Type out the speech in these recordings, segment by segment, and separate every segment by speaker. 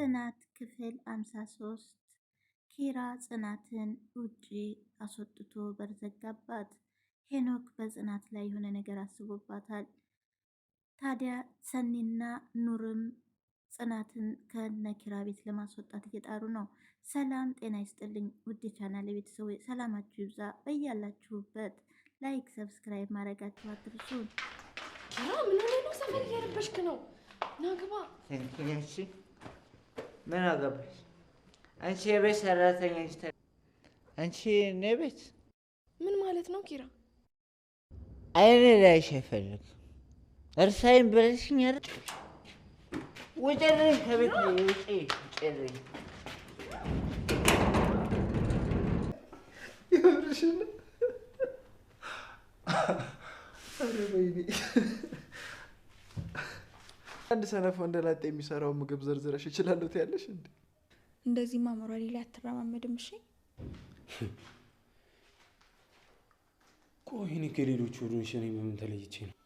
Speaker 1: ጽናት ክፍል 53 ኪራ ጽናትን ውጪ አስወጥቶ በርዘጋባት ሄኖክ በጽናት ላይ የሆነ ነገር አስቦባታል። ታዲያ ሰኒና ኑርም ጽናትን ኪራ ቤት ለማስወጣት እየጣሩ ነው። ሰላም ጤና ይስጥልኝ ውድ ቻናል ቤተሰቦች ሰላማችሁ ይብዛ። በያላችሁበት ላይክ፣ ሰብስክራይብ ማድረጋችሁ አትርሱ።
Speaker 2: ምን ነው ሰፈር እየረበሽክ ነው? ናግባ
Speaker 3: ምን አገባሽ አንቺ የቤት ሰራተኛ አንቺ እኔ ቤት
Speaker 2: ምን ማለት ነው? ኪራ
Speaker 3: አይኔ ላይሽ አይፈልግም። እርሳይን ብለሽኝ ውጭልኝ ከቤት ውጭ ውጭልኝ።
Speaker 4: ይኸውልሽ አንድ ሰነፍ ወንደ ላጤ የሚሰራው ምግብ ዘርዝረሽ ይችላሉት ያለሽ እንዴ?
Speaker 2: እንደዚህ ማምሯ ሌላ አትረማመድም። እሺ
Speaker 4: ቆይ እኔ ከሌሎቹ ዱንሽ እኔ በምን ተለይቼ ነው?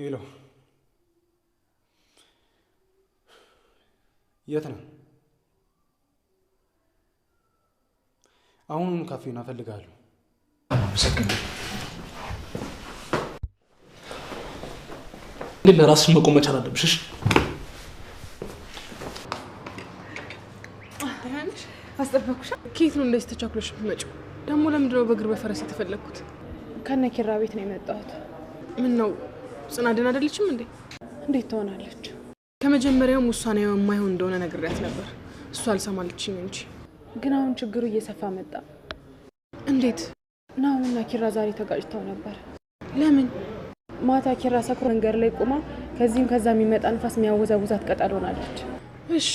Speaker 4: ሄሎ የት ነው? አሁኑን ካፌን አፈልጋለሁ። አመሰግናለሁ። እንዴ ለራስሽ መቆም መቻል አለብሽ።
Speaker 2: እሺ አስጠበኩሽ። ከየት ነው እንደዚህ ተቻኩለሽ የምትመጪው? ደግሞ ለምንድን ነው በእግር በፈረስ የተፈለግኩት? ከነ ኪራ ቤት ነው የመጣሁት። ምን ነው ጽናድን አይደለችም እንዴ? እንዴት ትሆናለች? ከመጀመሪያውም ውሳኔ የማይሆን እንደሆነ ነግሬያት ነበር። እሱ አልሰማለችኝ እንጂ ግን አሁን ችግሩ እየሰፋ መጣ። እንዴት ናሁንና ኪራ ዛሬ ተጋጭተው ነበር። ለምን ማታ ኪራ ሰክሮ መንገድ ላይ ቁማ ከዚህም ከዛ የሚመጣ ንፋስ የሚያወዛውዛት ቀጠል ሆናለች። እሺ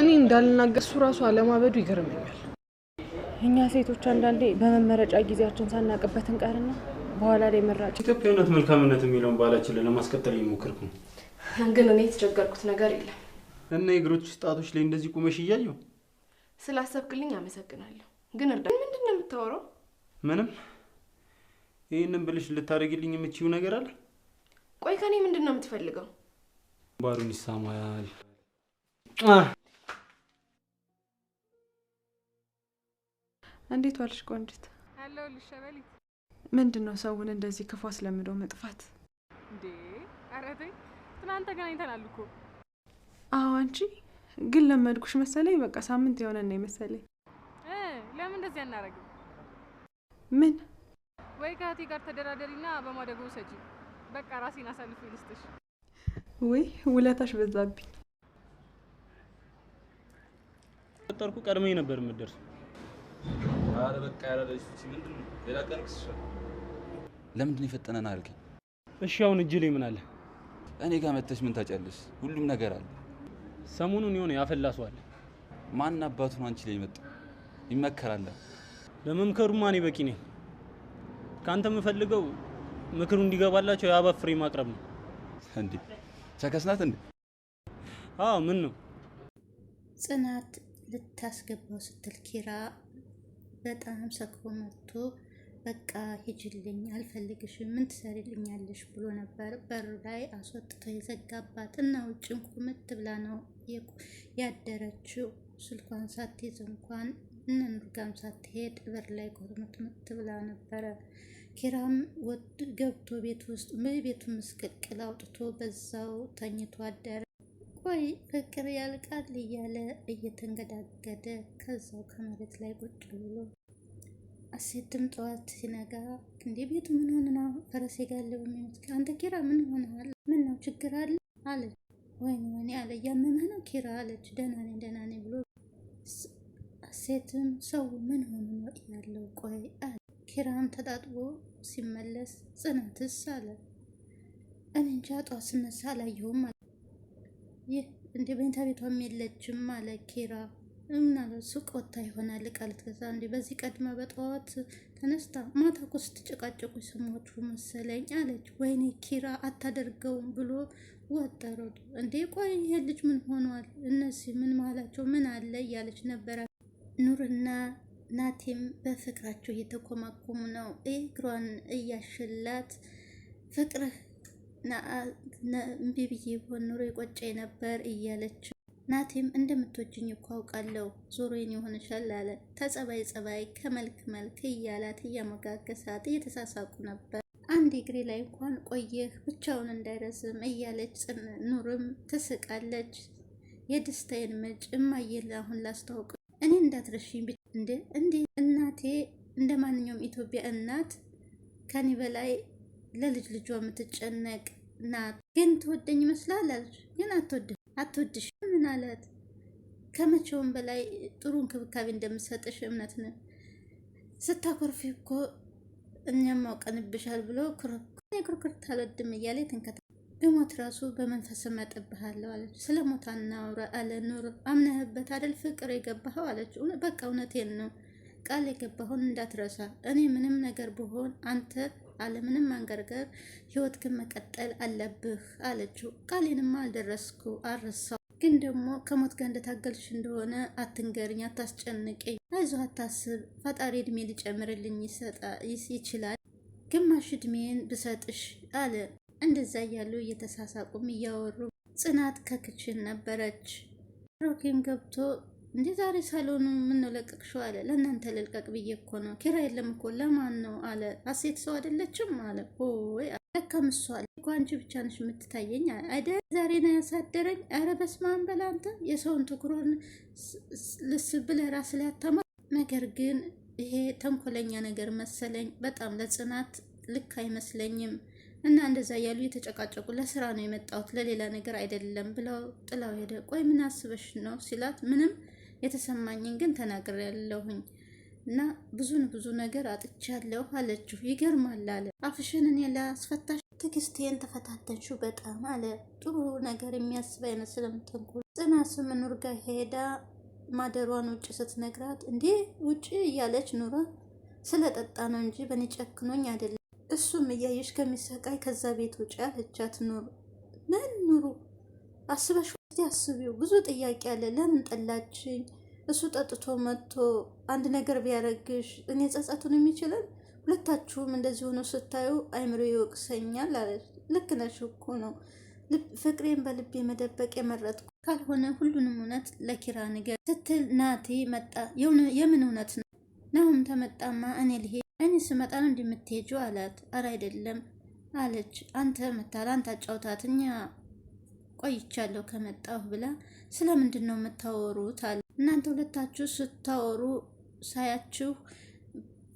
Speaker 2: እኔ እንዳልናገር እሱ ራሱ አለማበዱ ይገርመኛል። እኛ ሴቶች አንዳንዴ በመመረጫ ጊዜያችን ሳናቅበት እንቀርና በኋላ ላይ መራጭ
Speaker 4: ኢትዮጵያዊነት መልካምነት የሚለውን ባህላችንን ለማስቀጠል እየሞከርኩ ነው።
Speaker 2: ግን እኔ የተቸገርኩት ነገር የለም
Speaker 4: እና የእግሮች ጣቶች ላይ እንደዚህ ቁመሽ እያየሁ
Speaker 2: ስላሰብክልኝ አመሰግናለሁ። ግን እርዳ ምንድን ነው የምታወራው?
Speaker 4: ምንም ይህንን ብልሽ ልታደርግልኝ የምችው ነገር አለ?
Speaker 2: ቆይ ከኔ ምንድን ነው የምትፈልገው?
Speaker 4: ባሩን ይሳማያል።
Speaker 2: እንዴት ዋልሽ ቆንጅት?
Speaker 5: አለሁልሽ ሸበሌ።
Speaker 2: ምንድን ነው ሰውን እንደዚህ ክፉ አስለምዶ መጥፋት?
Speaker 5: እንዴ ኧረ ተይ፣ ትናንት ተገናኝተናል እኮ።
Speaker 2: አዎ አንቺ ግን ለመድኩሽ መሰለኝ። በቃ ሳምንት የሆነ ነው የመሰለኝ።
Speaker 5: ለምን እንደዚህ አናረግም? ምን ወይ ከእህቴ ጋር ተደራደሪና በማደጎ ውሰጂ። በቃ ራሴን አሳልፌ ልስጥሽ።
Speaker 2: ወይ ውለታሽ በዛብኝ። ጠርኩ ቀድሜ ነበር ምድር
Speaker 6: አረ በቃ ያላለች ሌላ
Speaker 4: ለምንድን የፈጠነን አልከኝ?
Speaker 2: እሺ አሁን እጅ ላይ ምን አለ?
Speaker 4: እኔ ጋር መተሽ ምን ታጨልስ? ሁሉም ነገር አለ።
Speaker 2: ሰሞኑን የሆነ ያፈላሷል።
Speaker 4: ማን አባቱን አንቺ ላይ መጣ ይመከራል።
Speaker 2: ለመምከሩማ እኔ በቂ ነኝ። ከአንተ የምፈልገው ምክሩ እንዲገባላቸው የአበባ ፍሬ ማቅረብ ነው።
Speaker 4: እንዴ ሰከስ እንዴ?
Speaker 2: አዎ ምን ነው
Speaker 1: ጽናት ልታስገባው ስትል ኪራ በጣም ሰክሮ መጥቶ በቃ ሂጅልኝ፣ አልፈልግሽ፣ ምን ትሰሪልኛለሽ ብሎ ነበር። በር ላይ አስወጥቶ የዘጋባት እና ውጭ እንኩ ምት ብላ ነው ያደረችው። ስልኳን ሳትይዝ እንኳን እነ ኑርጋም ሳትሄድ በር ላይ ኮርምትምት ብላ ነበረ። ኪራም ወድ ገብቶ ቤት ውስጥ በቤቱ ምስቅልቅል አውጥቶ በዛው ተኝቶ አደረ። ቆይ ፍቅር ያልቃል እያለ እየተንገዳገደ ከዛው ከመሬት ላይ ቁጭ ብሎ አሴትም ጠዋት ሲነጋ እንዴ ቤቱ ምን ሆነ ነው ፈረሴ ጋለብ የሚመስል አንተ ኪራ ምን ሆነሃል? ምን ነው ችግር አለ አለች። ወይኔ ወይኔ አለ እያመመህ ነው ኪራ አለች። ደህና ነኝ ደህና ነኝ ብሎ ሴትም ሰው ምን ሆኖ ነው ያለው? ቆይ አለ ኪራም ተጣጥቦ ሲመለስ ጽናትስ አለ እኔ እንጃ ጧት ስነሳ አላየሁም አለ ይህ እንደ መኝታ ቤቷም የለችም አለ ኪራ ምናልባት ሱቅ ወታ ይሆናል ቃልት ልትገዛ እንዲ በዚህ ቀድመ በጠዋት ተነስታ ማታ እኮ ስትጨቃጨቁ የሰማችሁ መሰለኝ አለች። ወይኔ ኪራ አታደርገውም ብሎ ወጠረዱ። እንዴ ቆይ ይሄ ልጅ ምን ሆኗል? እነዚህ ምን ማላቸው ምን አለ እያለች ነበረ። ኑርና ናቲም በፍቅራቸው እየተኮማኮሙ ነው። እግሯን እያሸላት ፍቅርህ እምቢ ብዬ ቢሆን ኑሮ የቆጨኝ ነበር እያለች ናቲም እንደምትወጅኝ እኮ አውቃለሁ ዞሮዬን ይሆንሻል አለ። ተጸባይ ጸባይ ከመልክ መልክ እያላት እያመጋገሳት እየተሳሳቁ ነበር። አንድ እግሬ ላይ እንኳን ቆየህ ብቻውን እንዳይረዝም እያለች ኑርም ትስቃለች። የደስታዬን ምንጭ እማዬን አሁን ላስተዋውቅ እንዳትረሽኝ እንደ እንዴ እናቴ እንደ ማንኛውም ኢትዮጵያ እናት ከኔ በላይ ለልጅ ልጇ የምትጨነቅ ናት። ግን ትወደኝ ይመስላለች፣ ግን አትወድ አትወድሽ ምን አላት። ከመቼውም በላይ ጥሩ እንክብካቤ እንደምሰጥሽ እምነት ነው። ስታኮርፊ እኮ እኛም አውቀንብሻል ብሎ ኩርኩር ኩርኩር አልወድም እያለ ተንከታ ሞት ራሱ በመንፈስ መጥብሃለሁ አለች። ስለ ሞት አናውራ አለ ኑር። አምነህበት አደል ፍቅር የገባኸው አለች። በቃ እውነቴን ነው ቃል የገባሁን እንዳትረሳ። እኔ ምንም ነገር ብሆን አንተ አለምንም አንገርገር ግን መቀጠል አለብህ አለችው። ቃሌንማ አልደረስኩ አረሳው! ግን ደግሞ ከሞት ጋር እንደታገልሽ እንደሆነ አትንገርኝ፣ አታስጨንቀኝ። አይዞህ አታስብ፣ ፈጣሪ እድሜ ሊጨምርልኝ ይችላል። ግማሽ እድሜን ብሰጥሽ አለ እንደዛ እያሉ እየተሳሳቁም እያወሩ ጽናት ከክችን ነበረች። ሮኪም ገብቶ እንዴ ዛሬ ሳሎኑ ምነው ለቀቅሽው? አለ። ለእናንተ ልልቀቅ ብዬ እኮ ነው። ኪራ የለም እኮ ለማን ነው? አለ። አሴት ሰው አይደለችም አለ። ወይ ለካም እሷ አለ እኮ አንቺ ብቻ ነሽ የምትታየኝ አይደል? ዛሬ ነው ያሳደረኝ። አረ በስመ አብ በል አንተ የሰውን ትኩሮን ልስብል ራስ ላይ አታማ። ነገር ግን ይሄ ተንኮለኛ ነገር መሰለኝ። በጣም ለጽናት ልክ አይመስለኝም። እና እንደዛ እያሉ የተጨቃጨቁ ለስራ ነው የመጣሁት ለሌላ ነገር አይደለም ብለው ጥላው ሄደ። ቆይ ምን አስበሽ ነው ሲላት፣ ምንም የተሰማኝን ግን ተናግር ያለሁኝ እና ብዙን ብዙ ነገር አጥቻለሁ አለችው። ይገርማል አለ አፍሽን እኔ ላስፈታሽ ትዕግስቴን ተፈታተንሹ በጣም አለ። ጥሩ ነገር የሚያስብ አይመስልም ተንኮል። ጽናት ስምኑር ጋ ሄዳ ማደሯን ውጭ ስትነግራት እንዴ ውጭ እያለች ኑራ ስለጠጣ ነው እንጂ በእኔ ጨክኖኝ አይደለም እሱም እያየሽ ከሚሰቃይ ከዛ ቤት ውጭ ያለቻት ኑር ምን ኑሩ አስበሽ አስቢው። ብዙ ጥያቄ አለ። ለምን ጠላችኝ? እሱ ጠጥቶ መጥቶ አንድ ነገር ቢያረግሽ እኔ ጸጸቱን የሚችለን ሁለታችሁም እንደዚህ ሆኖ ስታዩ አይምሮ ይወቅሰኛል አለ። ልክ ነሽ እኮ ነው ፍቅሬን በልቤ መደበቅ የመረጥኩ ካልሆነ ሁሉንም እውነት ለኪራ ንገር ስትል ናቴ መጣ። የምን እውነት ነው? ናሁም ተመጣማ እኔ ልሄድ እኔ ስመጣ ነው እንደምትሄጂው አላት። አረ አይደለም አለች። አንተ መታላ አንተ አጫውታት እኛ ቆይቻለሁ ከመጣሁ ብላ ስለምንድን ነው የምታወሩት አለ። እናንተ ሁለታችሁ ስታወሩ ሳያችሁ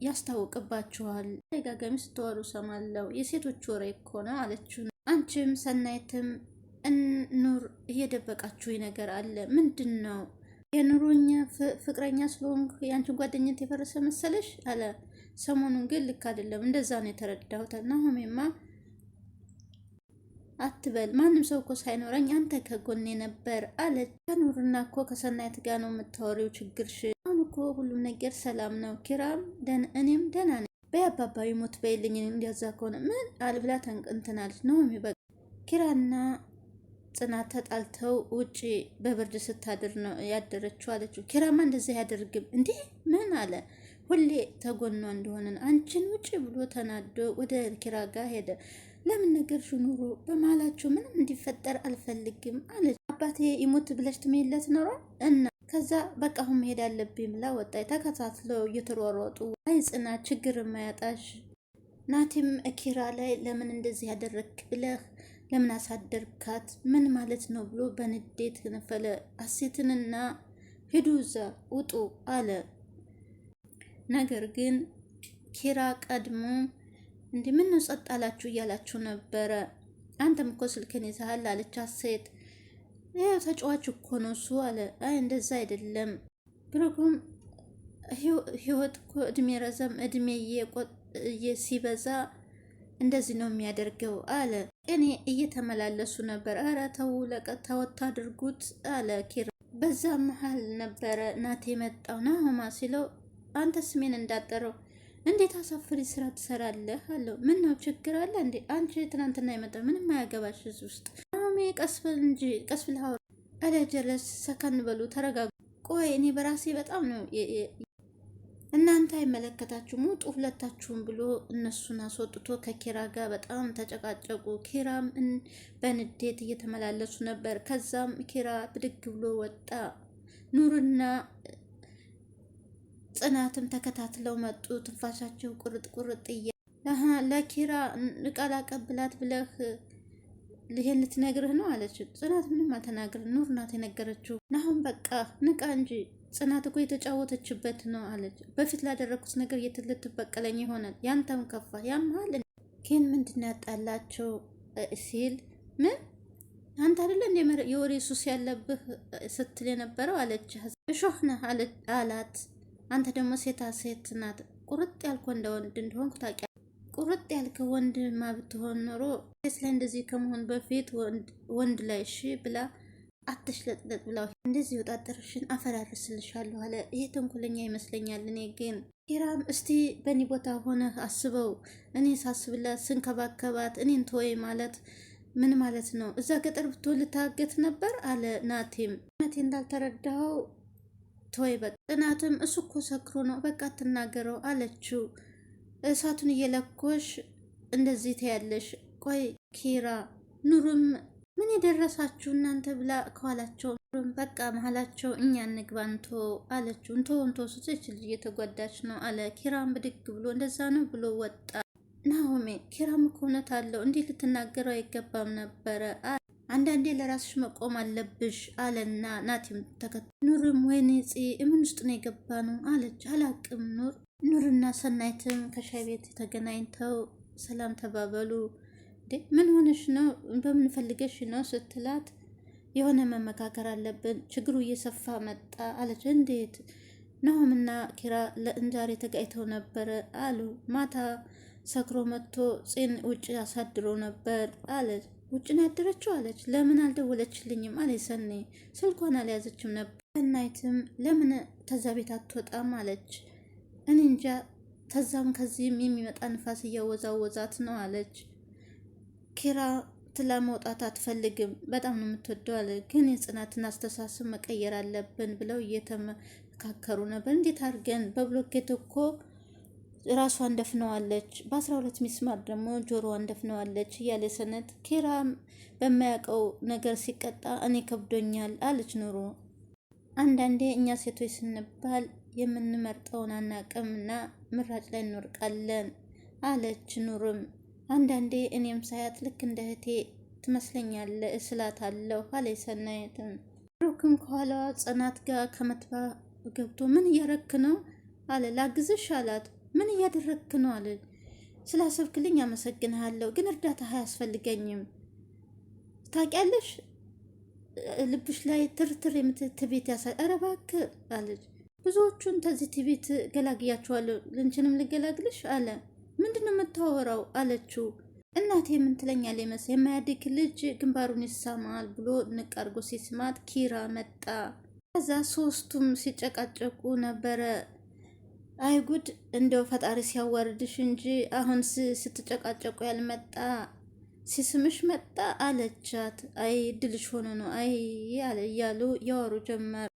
Speaker 1: ያስታውቅባችኋል። ተደጋጋሚ ስትወሩ ሰማለው። የሴቶች ወሬ እኮ ነው አለችው። አንቺም ሰናይትም ኑር እየደበቃችሁ ነገር አለ። ምንድን ነው የኑሮኛ ፍቅረኛ ስለሆንኩ የአንቺን ጓደኝነት የፈረሰ መሰለሽ አለ ሰሞኑን ግን ልክ አይደለም። እንደዛ ነው የተረዳሁት። እና ሆሜማ አትበል ማንም ሰው እኮ ሳይኖረኝ አንተ ከጎኔ ነበር አለች። ከኑርና እኮ ከሰናይት ጋር ነው የምታወሪው ችግርሽ። አሁን እኮ ሁሉም ነገር ሰላም ነው። ኪራም ደን እኔም ደህና ነኝ። በያባባዊ ሞት በይልኝ እንዲያዛ ከሆነ ምን አልብላ ተንቅንትናለች ነው የሚበቃ። ኪራና ጽናት ተጣልተው ውጪ በብርድ ስታድር ነው ያደረችው አለችው። ኪራማ እንደዚህ አያደርግም እንዴ ምን አለ ሁሌ ተጎኗ እንደሆነን አንቺን ውጭ ብሎ ተናዶ ወደ ኪራ ጋር ሄደ። ለምን ነገርሽው ኑሮ በማላቸው ምንም እንዲፈጠር አልፈልግም አለች። አባቴ ይሞት ብለሽ ትሜለት ኖሮ እና ከዛ በቃ አሁን መሄድ አለብኝ ብላ ወጣች። ተከታትለው እየተሯሯጡ አይ ችግር ማያጣሽ ናቲም ኪራ ላይ ለምን እንደዚህ ያደረግክ ብለህ ለምን አሳደርካት ምን ማለት ነው ብሎ በንዴት ነፈለ አሴትንና ሂዱ እዛ ውጡ አለ። ነገር ግን ኪራ ቀድሞ እንዲህ ምነው ጸጥ አላችሁ እያላችሁ ነበረ። አንተም እኮ ስልክን ይዘሃል አለቻት ሴት። ያው ተጫዋች እኮ ነው እሱ አለ። አይ እንደዛ አይደለም ብሩክም ህይወት እኮ እድሜ ረዘም እድሜ ሲበዛ እንደዚህ ነው የሚያደርገው አለ። እኔ እየተመላለሱ ነበር። ኧረ ተው ለቀታወታ አድርጉት አለ ኪራ። በዛ መሀል ነበረ ናቴ መጣው ናሆማ ሲለው አንተ ስሜን እንዳጠረው እንዴት አሳፍሪ ስራ ትሰራለህ? አለው። ምን ነው ችግር አለ እንዴ? አንቺ ትናንትና የመጣ ምንም አያገባሽ እዚህ ውስጥ ሜ ቀስፍል እንጂ ቀስፍል ሀ አለ። ጀለስ ሰከን በሉ ተረጋጉ። ቆይ እኔ በራሴ በጣም ነው እናንተ አይመለከታችሁም ውጡ ሁለታችሁም ብሎ እነሱን አስወጥቶ ከኪራ ጋር በጣም ተጨቃጨቁ። ኪራም በንዴት እየተመላለሱ ነበር። ከዛም ኪራ ብድግ ብሎ ወጣ ኑርና ጽናትም ተከታትለው መጡ። ትንፋሻቸው ቁርጥ ቁርጥ እያ ለኪራ ቃል አቀብላት ብለህ ይሄን ልትነግርህ ነው አለች ጽናት። ምንም አልተናግር ኑር ናት የነገረችው። ናሁን በቃ ንቃ እንጂ ጽናት እኮ የተጫወተችበት ነው አለች። በፊት ላደረግኩት ነገር ልትበቀለኝ ይሆናል። ያንተም ከፋ ያምሃል። ኬን ምንድን ያጣላቸው ሲል ምን አንተ አይደለ እንደ የወሬ ሱስ ያለብህ ስትል የነበረው አለች። እሾህ ነህ አላት። አንተ ደግሞ ሴታ ሴት ናት። ቁርጥ ያልክ ወንድ ወንድ እንደሆንኩ ታውቂያለሽ። ቁርጥ ያልክ ወንድማ ብትሆን ኖሮ ሴት ላይ እንደዚህ ከመሆን በፊት ወንድ ላይ እሺ ብላ አትሽለጥለጥ ብላ እንደዚህ ወጣጠርሽን አፈራርስልሻለሁ አለ። ይሄ ተንኮለኛ ይመስለኛል። እኔ ግን ኪራም፣ እስቲ በእኔ ቦታ ሆነ አስበው። እኔ ሳስብላት ስንከባከባት እኔን ተወይ ማለት ምን ማለት ነው? እዛ ገጠር ብትሆን ልታገት ነበር አለ ናቴም። ናቴ እንዳልተረዳኸው ተወይ በጥናትም እሱ እኮ ሰክሮ ነው በቃ ትናገረው አለችው። እሳቱን እየለኮሽ እንደዚህ ተያለሽ። ቆይ ኪራ ኑሩም ምን የደረሳችሁ እናንተ ብላ ከኋላቸው በቃ መሀላቸው እኛ እንግባ እንቶ አለችው። እንቶ እንቶ ስች ልጅ እየተጓዳች ነው አለ ኪራም ብድግ ብሎ እንደዛ ነው ብሎ ወጣ። ናሆሜ ኪራም እኮ እውነት አለው እንዲህ ልትናገረው አይገባም ነበረ አንዳንዴ ለራስሽ መቆም አለብሽ አለና ናቲም ተከተ ኑርም ወይኔ ጽ እምን ውስጥ ነው የገባ ነው አለች። አላቅም ኑር ኑርና ሰናይትም ከሻይ ቤት ተገናኝተው ሰላም ተባበሉ። ምን ሆነሽ ነው በምን ፈልገሽ ነው ስትላት የሆነ መመካከር አለብን ችግሩ እየሰፋ መጣ አለች። እንዴት ናሆምና ኪራ ለእንጀራ ተጋይተው ነበረ አሉ። ማታ ሰክሮ መጥቶ ጽን ውጭ አሳድሮ ነበር አለች። ውጭ ነው ያደረችው አለች። ለምን አልደወለችልኝም አለ ሰኔ። ስልኳን አልያዘችም ነበር። ሰናይትም ለምን ተዛ ቤት አትወጣም አለች። እኔ እንጃ ተዛም ከዚህም የሚመጣ ንፋስ እያወዛወዛት ነው አለች። ኪራ ትላ መውጣት አትፈልግም፣ በጣም ነው የምትወደው አለ። ግን የጽናትን አስተሳሰብ መቀየር አለብን ብለው እየተመካከሩ ነበር። እንዴት አድርገን በብሎኬት እኮ ራሷን ደፍነዋለች፣ በ በ12 ሚስማር ደግሞ ጆሮዋን ደፍነዋለች እያለ ሰነት ኪራም በማያውቀው ነገር ሲቀጣ እኔ ከብዶኛል አለች ኑሮ። አንዳንዴ እኛ ሴቶች ስንባል የምንመርጠውን አናቅምና ምራጭ ላይ እንወርቃለን አለች ኑርም። አንዳንዴ እኔም ሳያት ልክ እንደ እህቴ ትመስለኛለ አለው አለች ሰናየትም። ብሩክም ከኋላዋ ጽናት ጋር ከመትባ ገብቶ ምን እያረክ ነው አለ። ላግዝሽ አላት። ምን እያደረግክ ነው አለ። ስላሰብክልኝ አመሰግንሃለሁ፣ ግን እርዳታ አያስፈልገኝም። ታውቂያለሽ፣ ልብሽ ላይ ትርትር የምትትቤት ያሳ ኧረ እባክህ አለች። ብዙዎቹን ተዚህ ትቤት ገላግያቸዋለሁ፣ ልንችንም ልገላግልሽ አለ። ምንድን ነው የምታወራው አለችው። እናቴ ምን ትለኛለች የማያድግ ልጅ ግንባሩን ይሳማል ብሎ ንቅ አድርጎ ሲስማት ኪራ መጣ። ከዛ ሶስቱም ሲጨቃጨቁ ነበረ። አይ ጉድ እንደው ፈጣሪ ሲያዋርድሽ እንጂ አሁን ስትጨቃጨቁ ያልመጣ ሲስምሽ መጣ አለቻት። አይ እድልሽ ሆኖ ነው አይ እያሉ ያወሩ ጀመር።